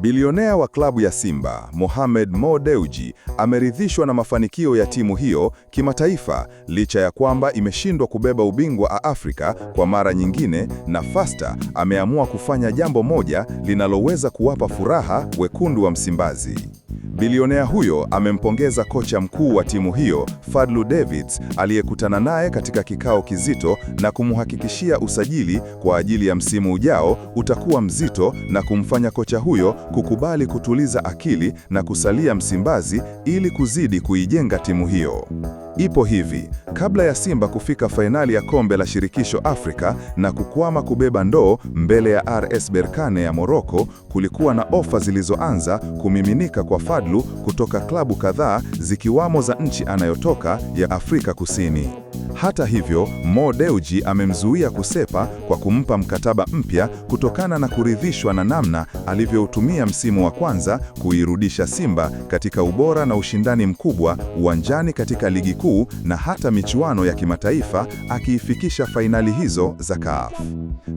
Bilionea wa klabu ya Simba, Mohamed Mo Dewji, ameridhishwa na mafanikio ya timu hiyo kimataifa licha ya kwamba imeshindwa kubeba ubingwa wa Afrika kwa mara nyingine, na Fasta ameamua kufanya jambo moja linaloweza kuwapa furaha wekundu wa Msimbazi. Bilionea huyo amempongeza kocha mkuu wa timu hiyo Fadlu Davids aliyekutana naye katika kikao kizito na kumhakikishia usajili kwa ajili ya msimu ujao utakuwa mzito na kumfanya kocha huyo kukubali kutuliza akili na kusalia Msimbazi ili kuzidi kuijenga timu hiyo ipo hivi: kabla ya Simba kufika fainali ya kombe la shirikisho Afrika na kukwama kubeba ndoo mbele ya RS Berkane ya moroko kulikuwa na ofa zilizoanza kumiminika kwa Fadlu kutoka klabu kadhaa zikiwamo za nchi anayotoka ya Afrika Kusini. Hata hivyo, Mo Dewji amemzuia Kusepa kwa kumpa mkataba mpya kutokana na kuridhishwa na namna alivyoutumia msimu wa kwanza kuirudisha Simba katika ubora na ushindani mkubwa uwanjani katika ligi kuu na hata michuano ya kimataifa akiifikisha fainali hizo za CAF.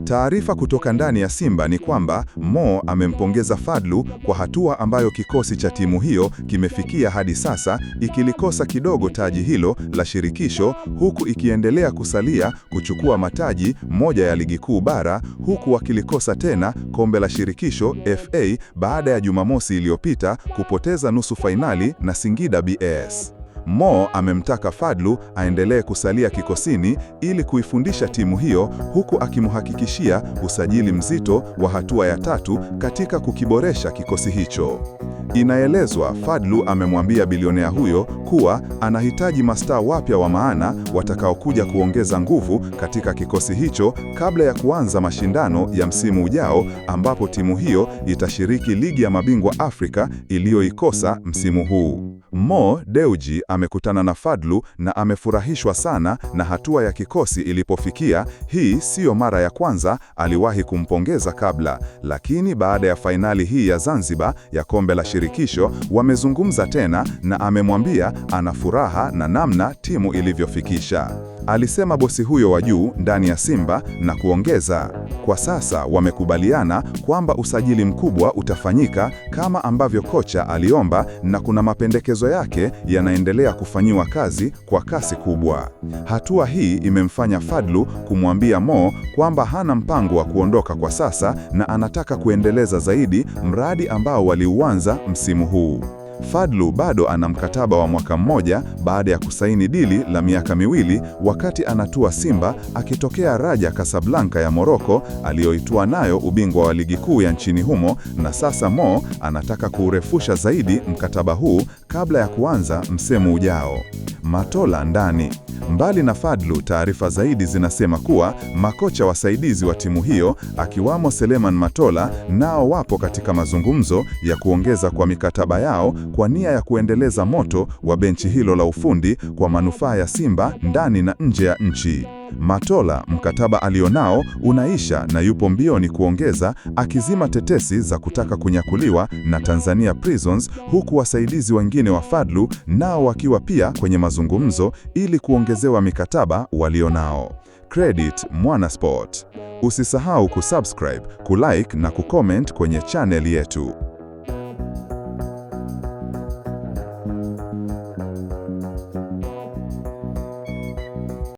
Taarifa kutoka ndani ya Simba ni kwamba Mo amempongeza Fadlu kwa hatua ambayo kikosi cha timu hiyo kimefikia hadi sasa ikilikosa kidogo taji hilo la shirikisho huku ikiendelea kusalia kuchukua mataji moja ya ligi kuu bara, huku wakilikosa tena kombe la shirikisho FA baada ya Jumamosi iliyopita kupoteza nusu fainali na Singida BS. Mo amemtaka Fadlu aendelee kusalia kikosini ili kuifundisha timu hiyo huku akimhakikishia usajili mzito wa hatua ya tatu katika kukiboresha kikosi hicho. Inaelezwa Fadlu amemwambia bilionea huyo kuwa anahitaji mastaa wapya wa maana watakaokuja kuongeza nguvu katika kikosi hicho kabla ya kuanza mashindano ya msimu ujao ambapo timu hiyo itashiriki ligi ya mabingwa Afrika iliyoikosa msimu huu. Mo Dewji amekutana na Fadlu na amefurahishwa sana na hatua ya kikosi ilipofikia. Hii siyo mara ya kwanza, aliwahi kumpongeza kabla, lakini baada ya fainali hii ya Zanzibar ya kombe la shirikisho wamezungumza tena na amemwambia ana furaha na namna timu ilivyofikisha. Alisema bosi huyo wa juu ndani ya Simba na kuongeza, kwa sasa wamekubaliana kwamba usajili mkubwa utafanyika kama ambavyo kocha aliomba na kuna mapendekezo mawazo yake yanaendelea kufanyiwa kazi kwa kasi kubwa. Hatua hii imemfanya Fadlu kumwambia Mo kwamba hana mpango wa kuondoka kwa sasa na anataka kuendeleza zaidi mradi ambao waliuanza msimu huu. Fadlu bado ana mkataba wa mwaka mmoja baada ya kusaini dili la miaka miwili wakati anatua Simba akitokea Raja Casablanca ya Moroko aliyoitua nayo ubingwa wa ligi kuu ya nchini humo, na sasa Mo anataka kuurefusha zaidi mkataba huu kabla ya kuanza msimu ujao. Matola ndani Mbali na Fadlu, taarifa zaidi zinasema kuwa makocha wasaidizi wa timu hiyo akiwamo Seleman Matola nao wapo katika mazungumzo ya kuongeza kwa mikataba yao kwa nia ya kuendeleza moto wa benchi hilo la ufundi kwa manufaa ya Simba ndani na nje ya nchi. Matola mkataba alionao unaisha na yupo mbioni kuongeza, akizima tetesi za kutaka kunyakuliwa na Tanzania Prisons, huku wasaidizi wengine wa Fadlu nao wakiwa pia kwenye mazungumzo ili kuongezewa mikataba walionao. Credit Mwanasport. Usisahau kusubscribe, kulike na kucomment kwenye chaneli yetu.